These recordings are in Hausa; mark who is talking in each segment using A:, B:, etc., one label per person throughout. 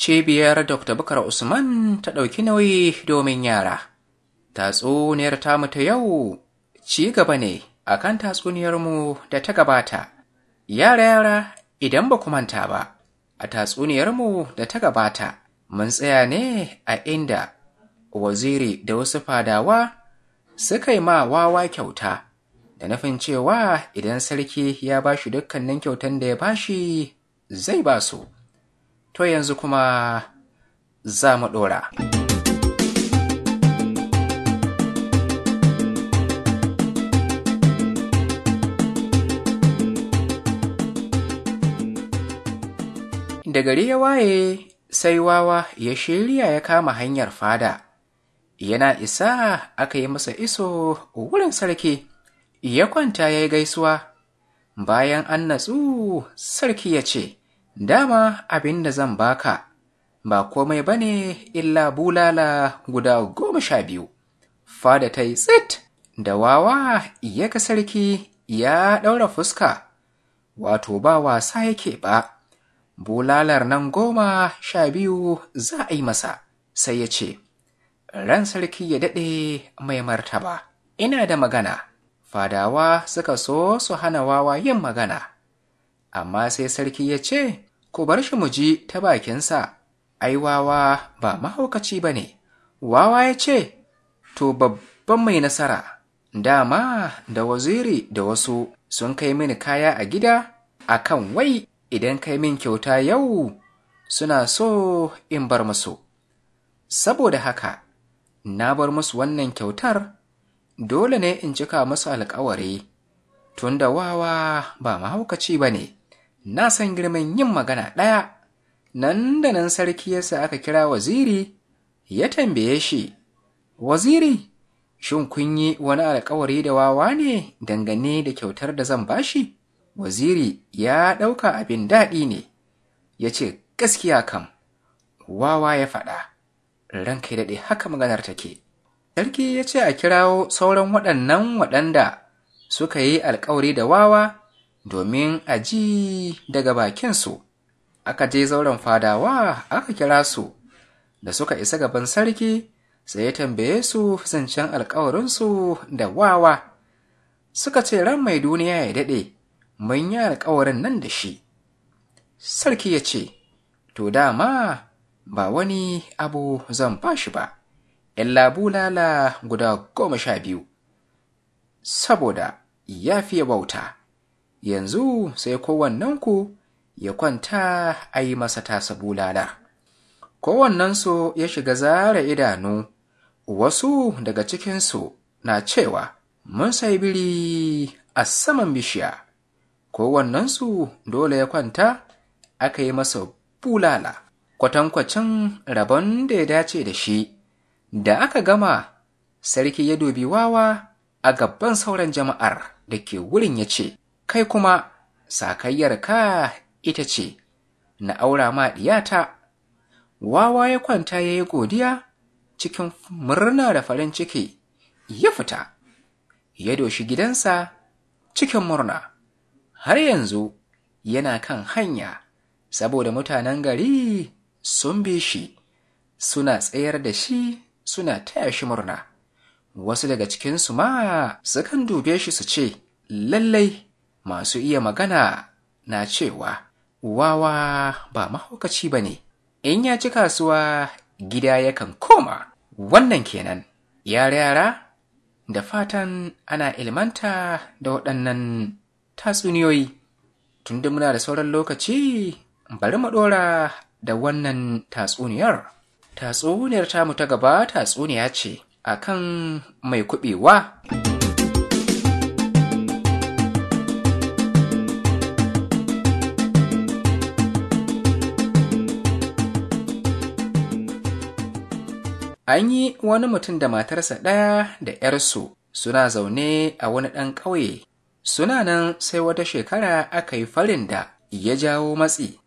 A: cibiyar dr bukar usman ta ɗauki nauyi domin yara tatsuniyar tamu ta yau ci gaba ne a akan tatsuniyarmu da ta gabata yara yara idan ba manta ba a tatsuniyarmu da ta gabata mun tsaya ne a inda waziri da wasu fadawa suka yi ma wawa kyauta da nufin cewa idan sarki ya ba shi dukkanin kyautan da ya bashi zai ba su To yanzu kuma za mu ɗora. Da gari ya waye sai wawa ya shirya ya kama hanyar fada, yana isa aka yi masa iso wurin sarki, ya kwanta ya yi gaisuwa, bayan an natsu sarki ya ce, Dama abin da zan baka ba komai ba ne illa bulala guda goma sha biyu. Fada ta yi tsit da wawa iya ga sarki ya ɗaura fuska, wato ba wasa yake ba. Bulalar nan goma sha biyu za a yi masa, sai ya ce, Ran sarki ya daɗe mai martaba, ina da magana. Fadawa suka so su hana wawa yin magana. amma sai sarki ya ce, Ku bar shi mu ji ta bakinsa, ai wawa ba mahaukaci ba ne, wawa ya ce, To babban mai nasara, dama da waziri da wasu sun kai mini kaya a gida a kan wai idan kai min kyauta yau suna so in bar musu. Saboda haka, na bar musu wannan kyautar, dole ne in cika musu alkawari, tunda wawa ba mahaukaci ba ne. na san girman yin magana ɗaya nan da nan sarki yasa aka kira waziri ya tambaye shi waziri shin kun yi wani alkawari da wawa ne dangane da kyautar da zan bashi waziri ya ɗauka abin daɗi ne ya ce gaskiya kam wawa ya faɗa ranka daɗe haka maganar take sarki ya ce a kirawo sauran waɗannan waɗanda suka yi alkawari da wawa domin a ji daga bakinsu aka je zauren fadawa aka kira su da suka isa gaban sarki sai ya tambaye su zancen alkawarinsu da wawa suka ce ran mai duniya ya daɗe mun yi alkawarin nan da shi sarki ya ce to dama ba wani abu zan bashi ba illa bulala guda goma sha biyu saboda ya fiye bauta yanzu sai kowannenku ya kwanta a yi masa tasa bulala kowannensu ya shiga zara idanu wasu daga cikinsu na cewa mun sai biri a saman bishiya kowannensu dole ya kwanta aka yi masa bulala kwatankwacin rabon da ya dace da shi da aka gama sarki ya dubi wawa a gaban sauran jama'ar da ke wurin ya ce kai kuma sakayyarka ita ce na aura ma diyata. wawa ya kwanta ya yi godiya cikin murna da farin ciki ya fita ya doshi gidansa cikin murna har yanzu yana kan hanya saboda mutanen gari sun bi shi suna tsayar da shi suna taya shi murna wasu daga cikinsu ma sukan dube shi su ce lallai masu iya magana na cewa wawa ba mahaukaci ba ne in ya ci kasuwa gida yakan koma wannan kenan yare yara da fatan ana ilmanta da waɗannan tatsuniyoyi tunda muna da sauran lokaci bari mu ɗora da wannan tatsuniyar tatsuniyar tamu ta gaba tatsuniya ce akan mai kuɓewa. An yi wani mutum da matarsa ɗaya da ‘yarsu suna zaune a wani ɗan ƙauye, suna nan sai wata shekara aka yi farin da ya jawo matsi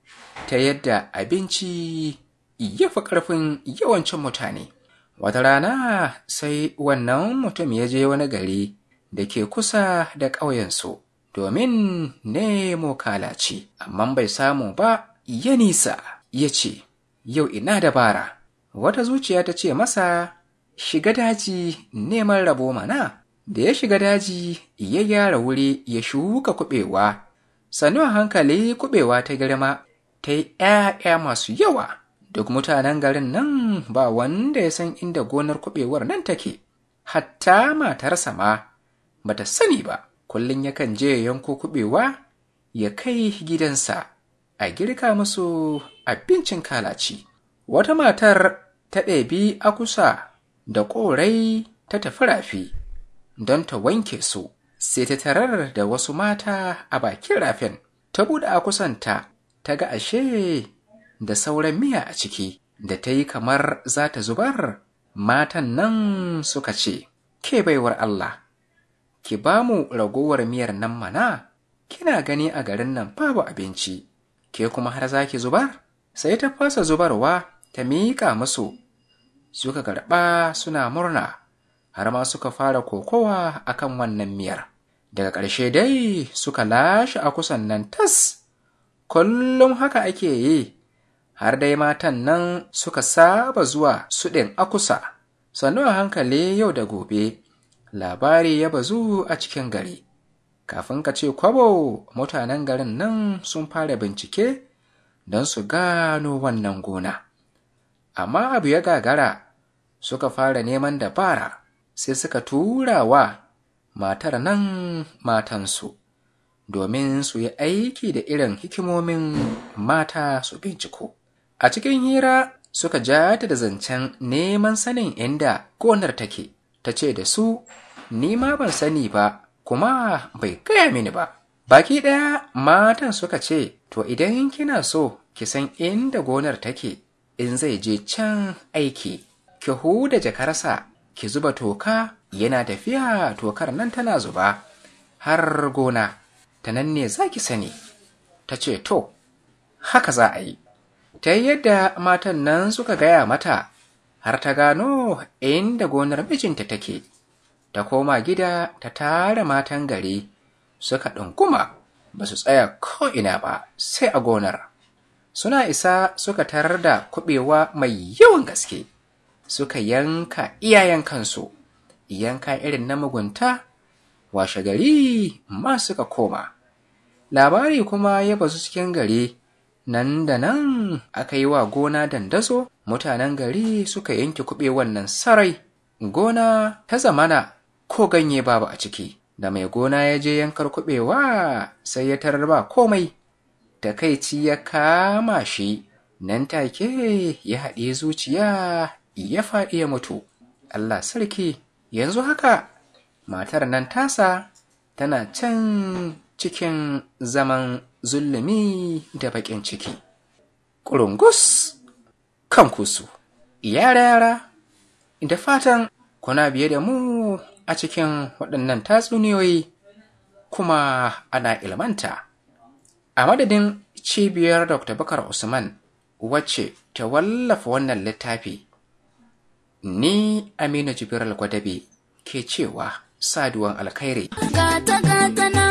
A: ta yadda abinci ya fi ƙarfin yawancin mutane. Wata rana sai wannan mutum ya je wani gari da ke kusa da ƙauyensu domin nemo kalaci, amma bai samu ba ya nisa ya ce, Yau ina dabara. wata zuciya ta ce masa shiga daji neman rabo mana da ya shiga daji ya gyara wuri ya shuka kuɓewa sannu a hankali kuɓewa ta girma ta yi ‘ya'ya masu yawa duk mutanen garin nan ba wanda ya san inda gonar kuɓewar nan take hatta matarsa ma ba ta sani ba kullum yakan je yanko kuɓewa ya kai gidansa a girka musu abincin kalaci Wata matar ta a kusa da ƙorai ta tafi rafi don ta wanke su, sai ta tarar da wasu mata a bakin rafin. Ta buɗe a kusanta ta ga ashe da sauran miya a ciki, da ta yi kamar za ta zubar. Matan nan suka ce, Ke baiwar Allah, ki ba mu ragowar miyar nan mana, kina gani a garin nan babu abinci, ke kuma har za ki zubar? Sai ta fasa zubarwa ta miƙa masu suka karɓa suna murna har ma suka fara kokowa akan wannan miyar daga ƙarshe dai suka lashe a kusan nan tas kullum haka ake yi har dai matan nan suka saba zuwa suɗin akusa sannu a hankali yau da gobe labari ya bazu a cikin gari kafin ka ce kwabo mutanen garin nan sun fara bincike don su gano wannan gona amma abu ya gagara suka fara neman dabara sai suka tura wa matar nan matansu domin su yi aiki da irin hikimomin mata su binciko a cikin hira suka jata da zancen neman sanin inda gonar take ta ce da su ni ma ban sani ba kuma bai gaya mini ba baki ɗaya matan suka ce to idan kina so ki san inda gonar take in zai je can aiki ki huda jakarsa ki zuba toka yana tafiya tokar nan tana zuba har gona ta nan ne za ki sani ta ce to haka za a yi ta yi yadda matan nan suka gaya mata har ta gano inda gonar mijinta take ta koma gida ta tara matan gari suka ɗunguma ba su tsaya ko'ina ba sai a gonar suna isa suka tarar da kuɓewa mai yawan gaske suka yanka iyayen kansu yanka irin na mugunta washe gari ma suka koma labari kuma ya bazu cikin gari nan da nan aka yi wa gona dandazo mutanen gari suka yanke kuɓe wannan sarai gona ta zamana ko ganye babu a ciki da mai gona ya je yankar kuɓewa sai ya tarar ba komai takaici ya kama shi nan take ya haɗe zuciya ya faɗi ya mutu Allah sarki yanzu haka matar nan tasa tana can cikin zaman zulumi da baƙin ciki ƙurungus kan kusu yara-yara da fatan kuna biye da mu a cikin waɗannan tatsuniyoyi kuma ana ilmanta A madadin cibiyar Dr. Bakar Usman wacce ta wallafa wannan littafi, ni Aminu Jibiral Gwadabe ke cewa saduwan alkhairi. Gata gata na